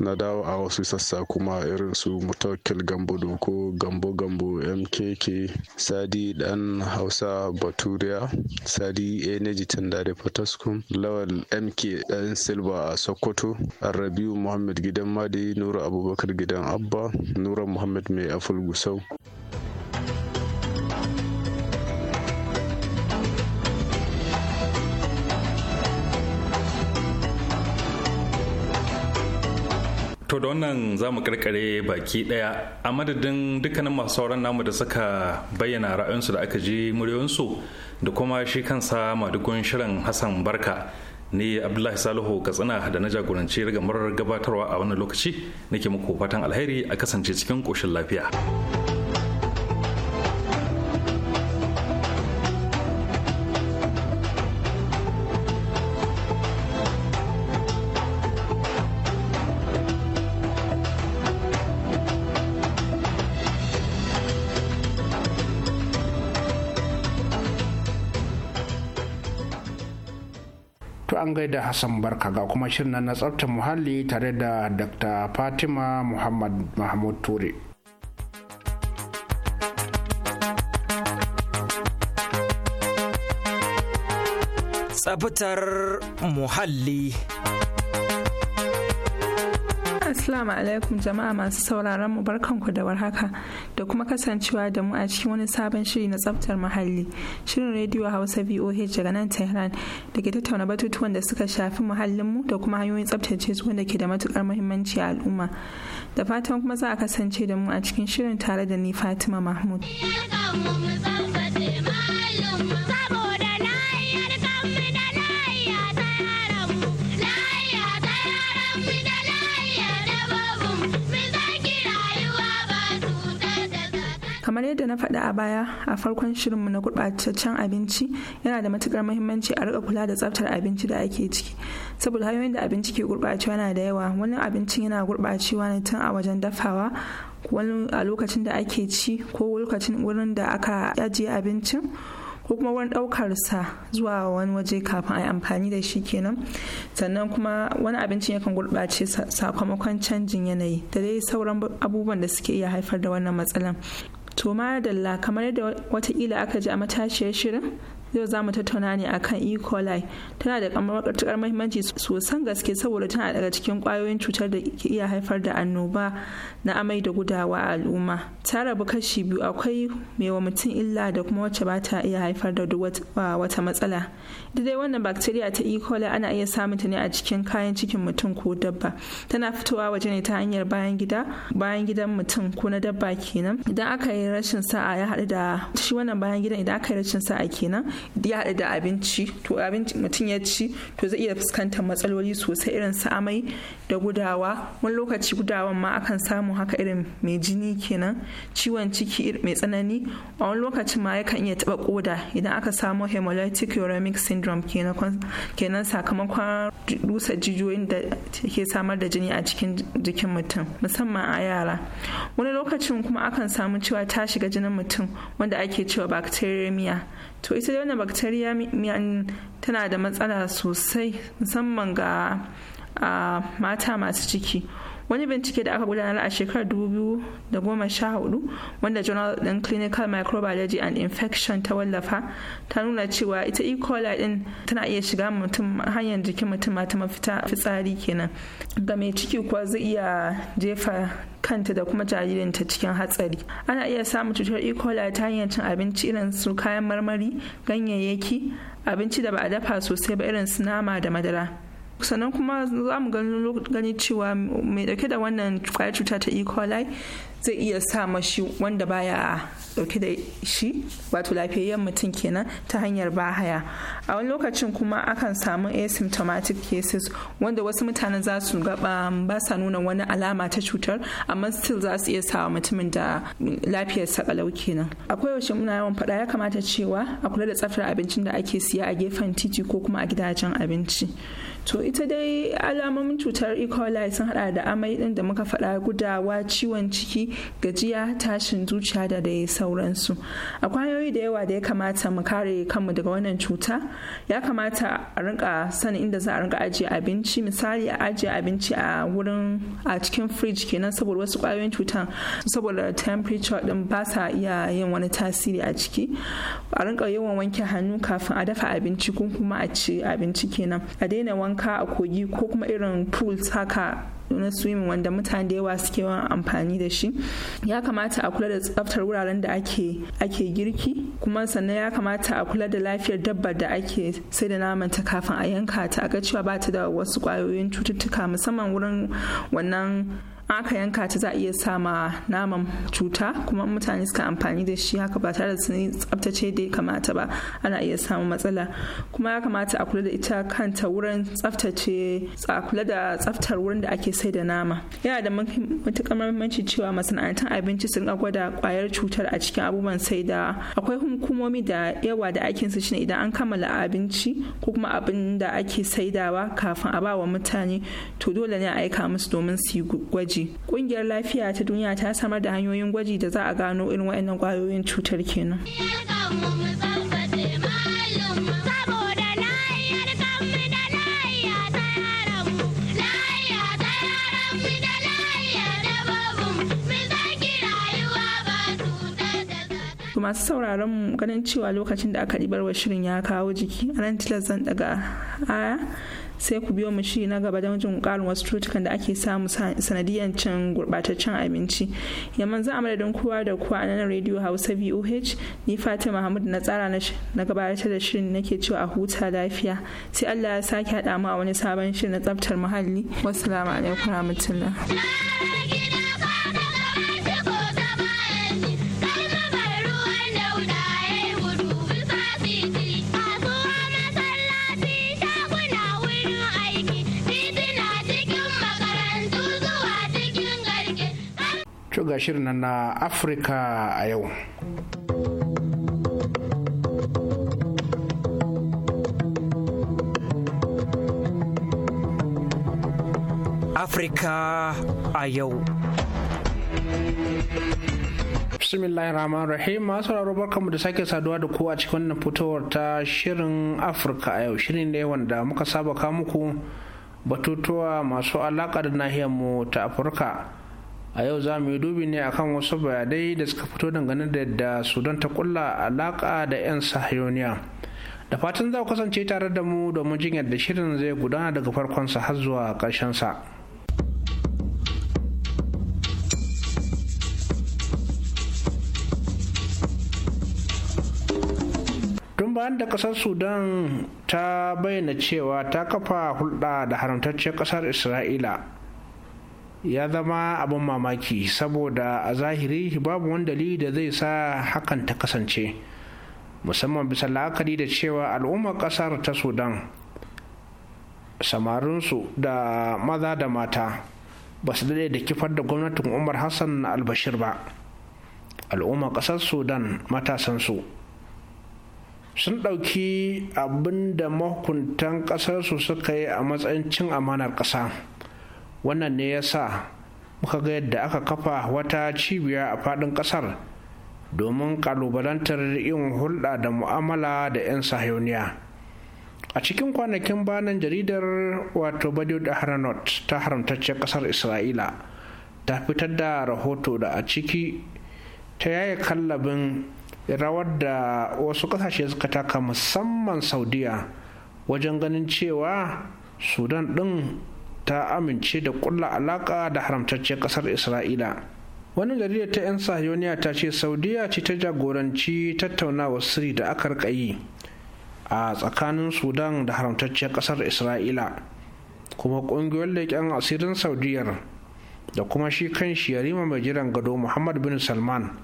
[SPEAKER 7] na dawo a wasu sassa kuma irin su mutawakkil gambo doko gambo gambo mkk sadi dan hausa baturiya sadi energy tandare potaskum lawal mk dan silva a sokoto rabiu muhammad gidan madi nura abubakar gidan abba nura muhammad mai afulgusau gusau
[SPEAKER 3] to da wannan za mu karkare baki daya a madadin dukkanin masu sauran namu da suka bayyana ra'ayinsu da aka ji muryoyinsu da kuma shi kansa madugun shirin hassan barka ni abdullahi salihu katsina da na jagoranci rigamar gabatarwa a wannan lokaci nake muku fatan alheri a kasance cikin koshin lafiya
[SPEAKER 2] an da Hassan Barka ga kuma shirin na tsabtar muhalli tare da Dr. Fatima Muhammad Mahmud Ture.
[SPEAKER 5] Tsabtar muhalli.
[SPEAKER 8] Assalamu alaikum jama'a masu sauraron mu barkanku da warhaka da kuma kasancewa da mu a cikin wani sabon shiri na tsaftar muhalli. Shirin rediyo Hausa VOH daga nan Tehran da ke tattauna batutuwan da suka shafi muhallin mu da kuma hanyoyin tsaftace su wanda ke da matukar muhimmanci a al'umma. Da fatan kuma za a kasance da mu a cikin shirin tare da ni Fatima Mahmud. kamar yadda na faɗa a baya a farkon shirinmu na gurɓataccen abinci yana da matukar muhimmanci a rika kula da tsaftar abinci da ake ciki saboda hanyoyin da abinci ke gurɓacewa na da yawa wani abincin yana gurɓacewa ne tun a wajen dafawa wani a lokacin da ake ci ko lokacin wurin da aka ajiye abincin ko kuma wurin ɗaukar sa zuwa wani waje kafin a yi amfani da shi kenan sannan kuma wani abincin yakan gurɓace sakamakon canjin yanayi da dai sauran abubuwan da suke iya haifar da wannan matsalan to madalla kamar yadda watakila aka ji a matashiyar shirin yau za mu tattauna ne akan e. coli tana da matuƙar mahimmanci sosan gaske saboda tana daga cikin ƙwayoyin cutar da ke iya haifar da annoba na amai da gudawa a al'umma ta rabu kashi biyu akwai mai wa mutum illa da kuma wacce ba ta iya haifar da duk wata matsala da dai wannan bacteria ta E. coli ana iya samunta ne a cikin kayan cikin mutum ko dabba tana fitowa waje ne ta hanyar bayan gida bayan gidan mutum ko na dabba kenan idan aka yi rashin sa'a ya haɗu da shi wannan bayan gidan idan aka yi rashin sa'a kenan ya haɗu da abinci to abinci mutum ya ci to zai iya fuskantar matsaloli sosai irin su amai da gudawa wani lokaci gudawan ma akan samu haka irin mai jini kenan ciwon ciki mai tsanani a wani lokacin ma yakan iya taɓa koda idan aka samu hemolytic uremic syndrome syndrome kenan sakamakon rusa jijiyoyin da ke samar da jini a cikin jikin mutum musamman a yara wani lokacin kuma akan samu cewa ta shiga jinin mutum wanda ake cewa bacteremia to ita da wannan bacteremia tana da matsala sosai musamman ga ah, mata masu ciki wani bincike da aka gudanar a shekarar 2014 wanda journal din clinical microbiology and infection ta wallafa ta nuna cewa ita e. coli din tana iya shiga mutum hanyar jikin mutum ma ta mafita fitsari kenan ga mai ciki kuwa zai iya jefa kanta da kuma jaririnta cikin hatsari ana iya samun cutar e. coli ta hanyar cin abinci irin su kayan marmari ganyayyaki abinci da ba a dafa sosai ba irin su nama da madara sannan kuma za mu gani cewa mai dauke da wannan kwayar cuta ta e. coli zai iya sa mashi wanda baya dauke da shi wato lafiyayyen mutum kenan ta hanyar bahaya a wani lokacin kuma akan samu asymptomatic cases wanda wasu mutane za su gaba ba sa nuna wani alama ta cutar amma still za su iya sawa mutumin da lafiyar kalau kenan akwai yaushe muna yawan faɗa ya kamata cewa a kula da tsaftar abincin da ake siya a gefen titi ko kuma a gidajen abinci to ita dai alamomin cutar e. coli sun hada da amai din da muka faɗa gudawa ciwon ciki gajiya tashin zuciya da dai sauransu a kwayoyi da yawa da ya kamata mu kare kanmu daga wannan cuta ya kamata a rinka sanin inda za a rinka ajiye abinci misali a ajiye abinci a wurin a cikin fridge kenan saboda wasu kwayoyin cutan saboda temperature din ba sa iya yin wani tasiri a ciki a rinka yawan wanke hannu kafin a dafa abinci ko kuma a ci abinci kenan a daina wanka a kogi ko kuma irin pools haka na swimming wanda mutane da yawa suke yawan amfani da shi ya kamata a kula da tsaftar wuraren da ake ake girki kuma sannan ya kamata a kula da lafiyar dabbar da ake sai da naman ta kafin a yanka ta a ga cewa ba ta da wasu kwayoyin cututtuka musamman wurin wannan aka yanka ta za a iya sama naman cuta kuma mutane suka amfani da shi haka ba tare da sun tsabtace da ya kamata ba ana iya samun matsala kuma ya kamata a kula da ita kanta wurin tsabtace a kula da tsaftar wurin da ake sai da nama yana da matuƙar muhimmanci cewa masana'antar abinci sun gwada ƙwayar cutar a cikin abubuwan sai da akwai hukumomi da yawa da aikin su shine idan an kammala abinci ko kuma abin da ake saidawa kafin a ba wa mutane to dole ne a aika musu domin su yi gwaji gwaji kungiyar lafiya ta duniya ta samar da hanyoyin gwaji da za a gano irin waɗannan ƙwayoyin cutar kenan masu sauraron mu ganin cewa lokacin da aka ɗibar wa shirin ya kawo jiki a nan tilas zan daga aya sai ku biyo mu shiri na gaba don jin karin wasu cutukan da ake samu sanadiyan cin gurbataccen abinci yamman za a madadin kowa da kowa a nan radio hausa voh ni fatima mahmud na tsara na gabatar da shirin nake cewa a huta lafiya sai allah ya sake haɗa mu a wani sabon shirin na tsaftar muhalli wasu alaikum rahmatullah
[SPEAKER 2] shirin nan na Afirka a yau. Afirka a yau. Bismillahir rahman Rahim masu sauraro barkanmu da sake saduwa da ku a cikin wannan fitowar ta shirin Afirka a yau shirin ne wanda muka saba muku batutuwa masu alaƙa da nahiyar mu ta Afirka. a yau za mu yi dubi ne akan wasu bayanai da suka fito dangane da yadda sudan ta kulla alaka da 'yan sahiyoniya da fatan za ku kasance tare da mu domin jin yadda shirin zai gudana daga farkonsa har zuwa ƙarshensa tun bayan da kasar sudan ta bayyana cewa ta kafa hulɗa da haramtacciyar kasar isra'ila ya zama abin mamaki saboda a zahiri babu wani dalili da zai sa hakan ta kasance musamman bisa la'akari da cewa al'ummar kasar ta sudan samarinsu da maza da mata ba su daɗe da kifar da gwamnatin umar hassan na albashir ba al'ummar ƙasar sudan matasansu sun ɗauki abin da mahukuntan ƙasarsu suka yi a matsayin cin amanar ƙasa wannan ne ya sa muka ga yadda aka kafa wata cibiya a faɗin ƙasar domin ƙalubalantar yin hulɗa da mu'amala da 'yan sahiyoniya a cikin kwanakin banan jaridar wato badiou da haranot ta haramtacce ƙasar isra'ila ta fitar da rahoto da a ciki ta yaya kallabin rawar da wasu ƙasashe suka taka musamman saudiya wajen ganin cewa sudan ɗin ta amince da kulla alaka da haramtacciyar kasar isra'ila wani jaridar ta 'yan sahiyoniya ta ce saudiya ce ta jagoranci tattaunawar siri da aka rika yi a tsakanin sudan da haramtacciyar kasar isra'ila kuma ƙungiyoyin leƙen asirin saudiyar da kuma shi kan yarima mai jiran gado muhammad bin salman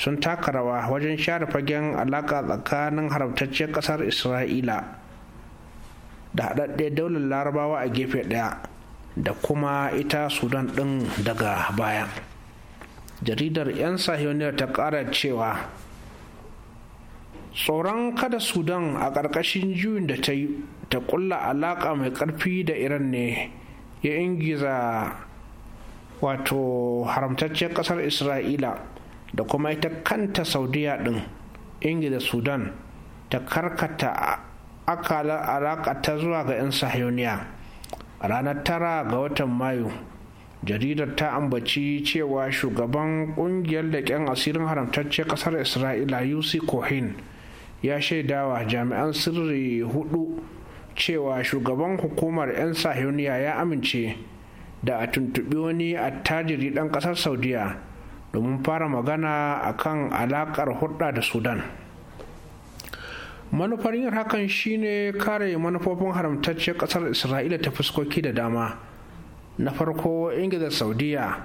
[SPEAKER 2] sun taka rawa wajen share fagen alaƙa tsakanin haramtacciyar kasar isra'ila da haɗaɗɗe daular larabawa a gefe ɗaya da kuma ita sudan ɗin daga baya jaridar 'yan sahiyoniyar ta ƙara cewa tsoron kada sudan a ƙarƙashin juyin da ta yi ta ƙulla alaƙa mai ƙarfi da iran ne ya ingiza wato haramtacciyar ƙasar isra'ila da kuma ita kanta saudiya ɗin ingiza sudan ta karkata akalar alaƙa ta zuwa ga 'yan sahiyoniya a ranar tara ga watan mayu jaridar ta ambaci cewa shugaban kungiyar leƙen asirin haramtacce ƙasar isra'ila uc cohen ya shaidawa jami'an sirri hudu cewa shugaban hukumar 'yan sahiyoniya ya amince da a tuntuɓi wani attajiri ɗan ƙasar saudiya domin fara magana akan alaƙar hulɗa da sudan manufar yin hakan shine kare manufofin haramtacce kasar isra'ila ta fuskoki da dama na farko ingila saudiya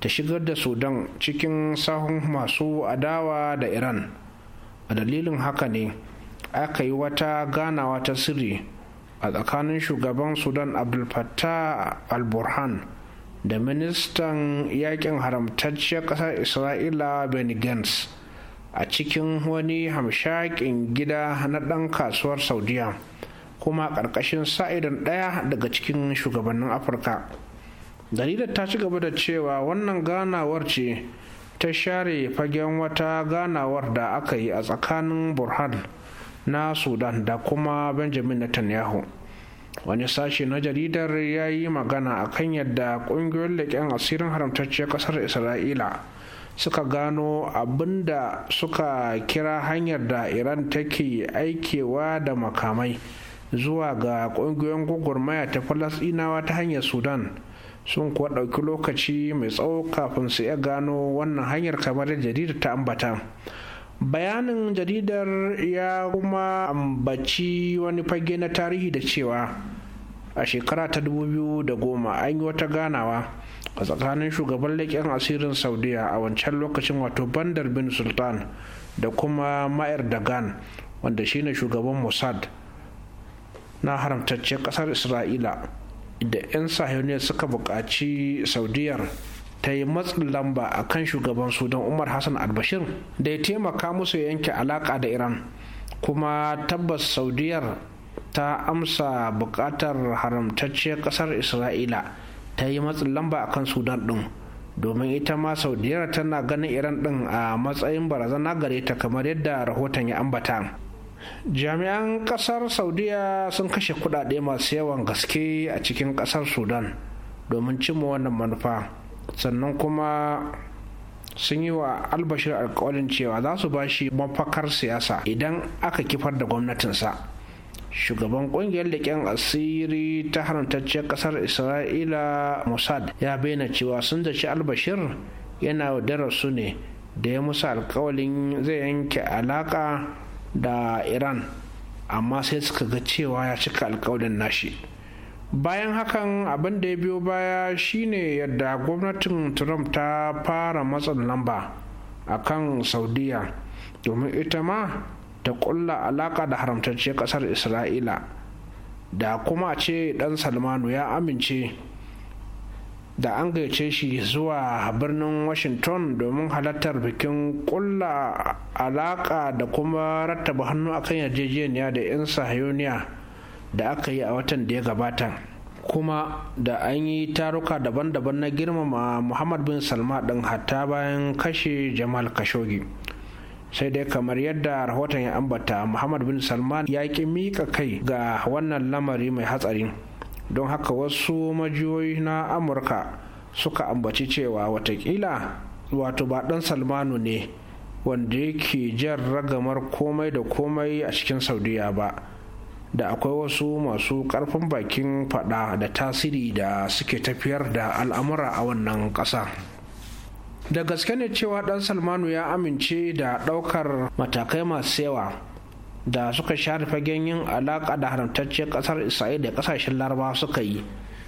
[SPEAKER 2] ta shigar da sudan cikin sahun masu adawa da iran a dalilin haka ne aka yi wata ganawa ta sirri a tsakanin shugaban sudan abdul fattah al-burhan da ministan yakin haramtacciyar kasar isra'ila benny gantz a cikin wani hamshakin gida na ɗan kasuwar saudiya kuma ƙarƙashin sa'idan ɗaya daga cikin shugabannin afirka dalilin ta ci gaba da cewa wannan ganawar ce ta share fagen wata ganawar da aka yi a tsakanin burhan na sudan da kuma benjamin netanyahu wani sashe na jaridar ya yi magana a kan yadda ƙungiyoyin leƙen asirin haramtacciyar ƙasar isra'ila suka gano abin da suka kira hanyar da iran take aikewa da makamai zuwa ga ƙungiyoyin gwagwarmaya ta falasinawa ta hanyar sudan sun kuwa ɗauki lokaci mai tsawo kafin su iya gano wannan hanyar kamar da jaridar ta ambata bayanin jaridar ya kuma ambaci wani fage na tarihi da cewa a shekara ta 2010 an yi wata ganawa a tsakanin shugaban leƙen asirin saudiya a wancan lokacin wato bandar bin sultan da kuma ma'ar dagan wanda shine shugaban mossad na haramtacciyar ƙasar isra'ila da 'yan sahiyoniyar suka buƙaci saudiyar ta yi matsin lamba a kan shugaban sudan umar hassan albashir da ya taimaka musu yanke alaƙa da iran kuma tabbas saudiyar ta amsa buƙatar haramtacciyar ƙasar isra'ila ta yi matsin lamba a kan sudan ɗin domin ita ma saudiya tana ganin iran ɗin a matsayin barazana gare ta kamar yadda rahoton ya ambata jami'an ƙasar saudiya sun kashe kuɗaɗe masu yawan gaske a cikin ƙasar sudan domin cimma wannan manufa sannan kuma sun yi wa albashir alkawalin cewa za su ba shi mafakar siyasa idan aka kifar da gwamnatinsa shugaban kungiyar leƙen asiri ta haramtacciyar ƙasar isra'ila mossad ya bayyana cewa sun zaci albashir yana su ne da ya musu alkawalin zai yanke alaƙa da iran amma sai suka ga cewa ya cika alkawalin nashi bayan hakan abin da ya biyo baya shine yadda gwamnatin trump ta fara matsin lamba a kan saudiya domin ita ma ta kulla alaka da haramtacce kasar isra'ila da kuma ce dan salmanu ya amince da an gayyace shi zuwa birnin washington domin halartar bikin kulla alaka da kuma rattaba hannu akan yarjejeniya da 'yan sahayoniya da aka yi a watan da ya gabata kuma da an yi taruka daban-daban na girmama muhammad bin salma din hatta bayan kashe jamal kashogi. sai dai kamar yadda rahoton ya ambata muhammad bin salman ya ki mika kai ga wannan lamari mai hatsari don haka wasu majiyoyi na amurka suka ambaci cewa watakila wato ba dan salmanu ne wanda yake jan ragamar komai da komai a cikin saudiya ba da akwai wasu masu karfin bakin fada da tasiri da suke tafiyar da al'amura a wannan ƙasa. da gaske ne cewa dan salmanu ya amince da daukar matakai masu yawa da suka share fagen yin alaka da haramtacciyar kasar isra'ila da kasashen laraba suka yi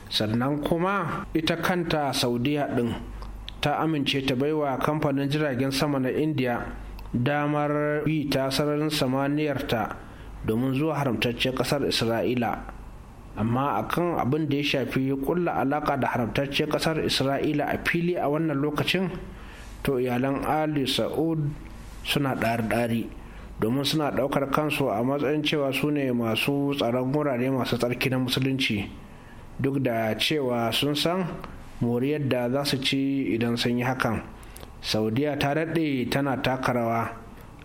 [SPEAKER 2] sannan kuma ita kanta saudiya din ta amince ta baiwa kamfanin jiragen sama na indiya damar yi ta sararin samaniyarta domin zuwa haramtacciyar kasar isra'ila amma akan abin da ya shafi kulla alaka da haramtacce kasar isra'ila a fili a wannan lokacin to iyalan ali sa'ud suna ɗari-ɗari domin suna ɗaukar kansu a matsayin cewa su ne masu tsaron wurare masu tsarki na musulunci duk da cewa sun san moriyar da za su ci idan sun yi hakan saudiya ta daɗe tana takarawa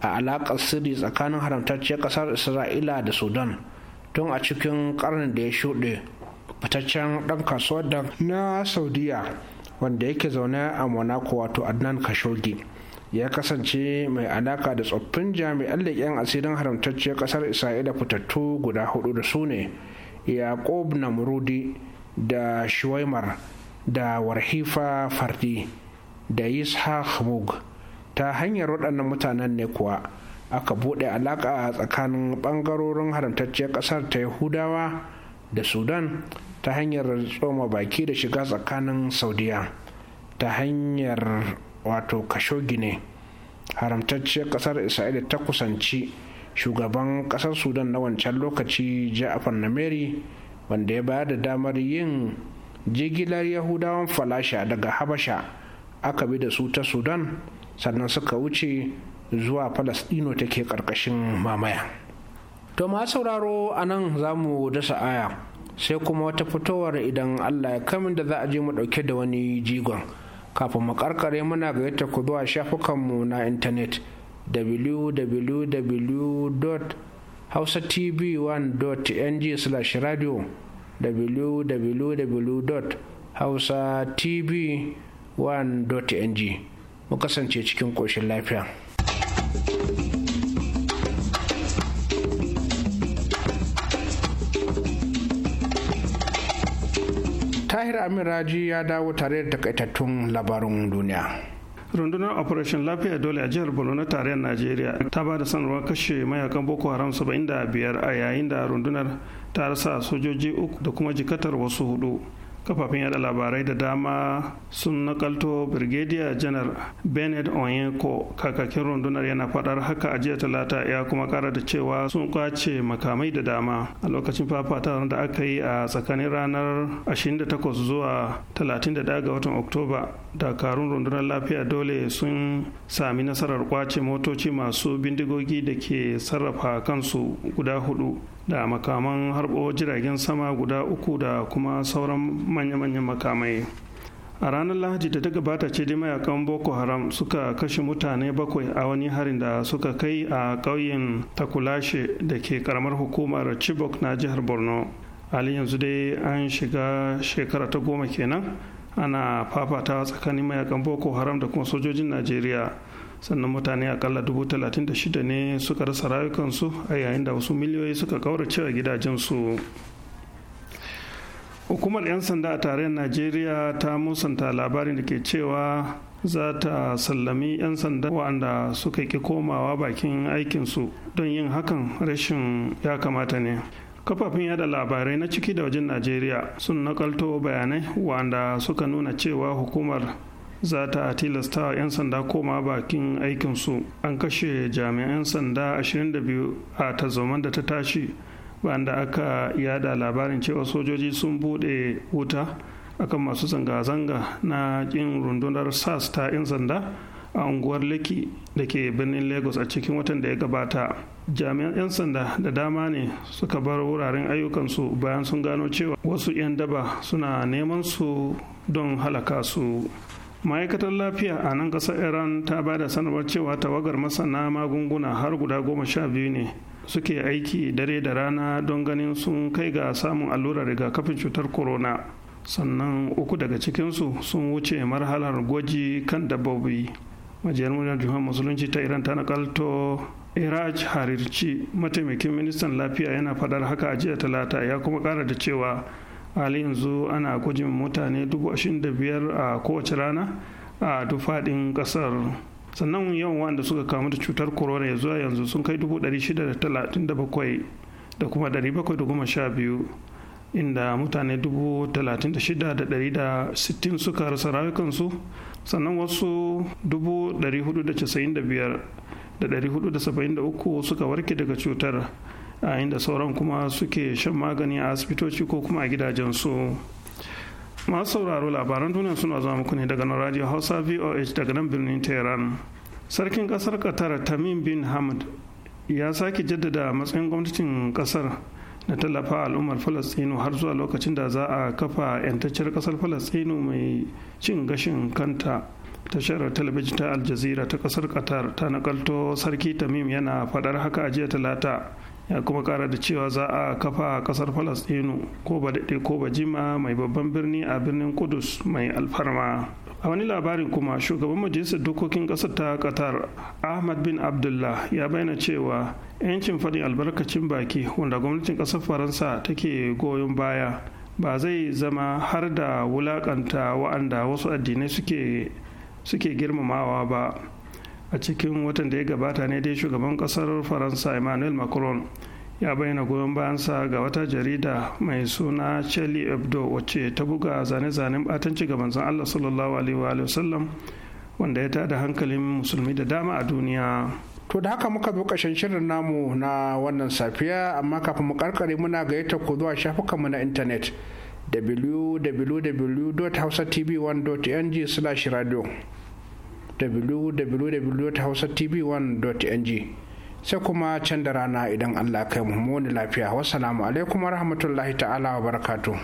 [SPEAKER 2] a alaƙar sirri tsakanin haramtacciyar ƙasar isra'ila da sudan tun a cikin karnin da ya shuɗe fitaccen ɗan kasuwar da na saudiya wanda yake zaune a monaco wato adnan kashogi ya kasance mai alaka da tsoffin jami'an leƙen asirin haramtacciyar ƙasar isra'ila fitattu guda hudu da su ne na namrudi da shuwaimar da warhifa fardi da yishak mug ta hanyar waɗannan mutanen ne kuwa aka buɗe alaƙa tsakanin ɓangarorin haramtacciyar ƙasar ta yahudawa da sudan ta hanyar tsoma baki da shiga tsakanin saudiya ta hanyar wato kashogi ne haramtacciyar ƙasar isra'ila ta kusanci shugaban ƙasar sudan na wancan lokaci ja'afar nameri wanda ya bayar da damar yin jigilar yahudawan falasha daga habasha aka bi da su ta sudan sannan suka wuce zuwa falasɗino take ƙarƙashin mamaya to ma sauraro a nan za mu dasa aya sai kuma wata fitowar idan allah ya kamin da za a je mu dauke da wani jigon kafin mu karkare muna yadda ku zuwa shafukanmu na intanet www.hausatv1.ng/radio www.hausatv1.ng mu kasance cikin ƙoshin lafiya. tahir raji ya dawo tare da takaitattun labarun duniya
[SPEAKER 4] rundunar operation lafiya dole a jihar borno na tarayyar najeriya ta ba da sanarwar kashe mayakan boko haram 75 a yayin da rundunar ta rasa sojoji uku da kuma jikatar wasu hudu kafafen yada labarai da dama sun nakalto brigadier janar bened onyenko kakakin rundunar yana fadar haka a jiya talata ya kuma kara da cewa sun kwace makamai da dama a lokacin fafatawar da aka yi a tsakanin ranar 28 zuwa 31 ga watan oktoba dakarun rundunar lafiya dole sun sami nasarar kwace motoci masu bindigogi da ke sarrafa kansu guda hudu da makaman harbo jiragen sama guda uku da kuma sauran manya-manyan makamai a ranar lahadi da ta gabata ce dai mayakan boko haram suka kashe mutane bakwai a wani harin da suka kai a ƙauyen takulashe da ke karamar hukumar chibok na jihar borno Ali yanzu dai an shiga shekara ta goma kenan ana fafata tsakanin mayakan boko haram da kuma sojojin najeriya sannan mutane akalla dubu talatin da shida ne suka rasa rayukansu a yayin da wasu miliyoyi suka kauracewa gidajensu hukumar 'yan sanda a tarayyar najeriya ta musanta labarin da ke cewa za ta sallami 'yan sanda waɗanda suka ki komawa bakin aikinsu don yin hakan rashin ya kamata ne kafafin yada labarai na ciki da wajen najeriya sun nakalto bayanai waɗanda suka nuna cewa hukumar za ta tilasta 'yan sanda koma bakin aikinsu an kashe jami'an sanda 22 a tazoman da ta tashi bayan da aka yada labarin cewa sojoji sun bude wuta akan masu zanga-zanga na kin rundunar sas ta 'yan sanda a unguwar leki da ke birnin lagos a cikin watan da ya gabata jami'an 'yan sanda da dama ne suka bar wuraren ayyukansu bayan sun gano cewa wasu 'yan daba suna neman su don halaka su ma'aikatar lafiya a nan ƙasar iran ta ba da sanarwar cewa tawagar masana magunguna har guda goma sha biyu ne suke aiki dare da rana don ganin sun kai ga samun allurar rigakafin cutar corona sannan uku daga cikinsu sun wuce marhalar gwaji kan dabbobi majiyar muryar jihar musulunci ta iran ta nakalto iraj harirci mataimakin ministan lafiya yana faɗar haka a jiya talata ya kuma kara da cewa hali yanzu ana gwajin mutane dubu a kowace rana a duk faɗin ƙasar sannan yawan wanda suka kamu da cutar corona ya zuwa yanzu sun kai dubu da kuma ɗari inda mutane dubu talatin suka rasa rayukansu sannan wasu dubu da casa'in suka warke daga cutar a inda sauran kuma suke shan magani a asibitoci ko kuma a gidajensu masu sauraro labaran duniya suna zuwa muku ne daga radio hausa voh daga nan birnin tehran sarkin kasar katar tamim bin hamad ya sake jaddada matsayin gwamnatin kasar na tallafa al'ummar falastinu har zuwa lokacin da za a kafa 'yantacciyar kasar falastinu mai cin gashin kanta tashar talabijin ta aljazira ta kasar katar ta nakalto sarki tamim yana faɗar haka a jiya talata ya kuma kara da cewa za a kafa kasar falastinu ko ba daɗe ko ba jima mai babban birni a birnin kudus mai alfarma a wani labarin kuma shugaban majalisar dokokin ƙasar ta qatar ahmad bin abdullah ya bayyana cewa 'yancin faɗin albarkacin baki wanda gwamnatin ƙasar faransa take goyon baya ba zai zama har da wulakanta wa'anda wasu addinai suke girmamawa ba a cikin watan da ya gabata ne dai shugaban kasar faransa emmanuel macron ya bayyana goyon bayansa ga wata jarida mai suna charlie hebdo wacce ta buga zane-zanen batanci ga manzon allah sallallahu alaihi wa sallam wanda ya tada hankalin musulmi da dama a duniya
[SPEAKER 2] To da haka muka zo ƙarshen shirin namu na wannan safiya amma kafin mu karkare muna gayyata ku zuwa shafukanmu na intanet www.hausatv1.ng/radio www.hausatv1.ng sai kuma can da rana idan Allah kai mu wani lafiya wassalamu alaikum rahmatullahi ta'ala wa barakatu.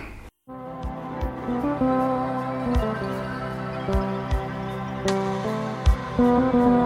[SPEAKER 10] thank you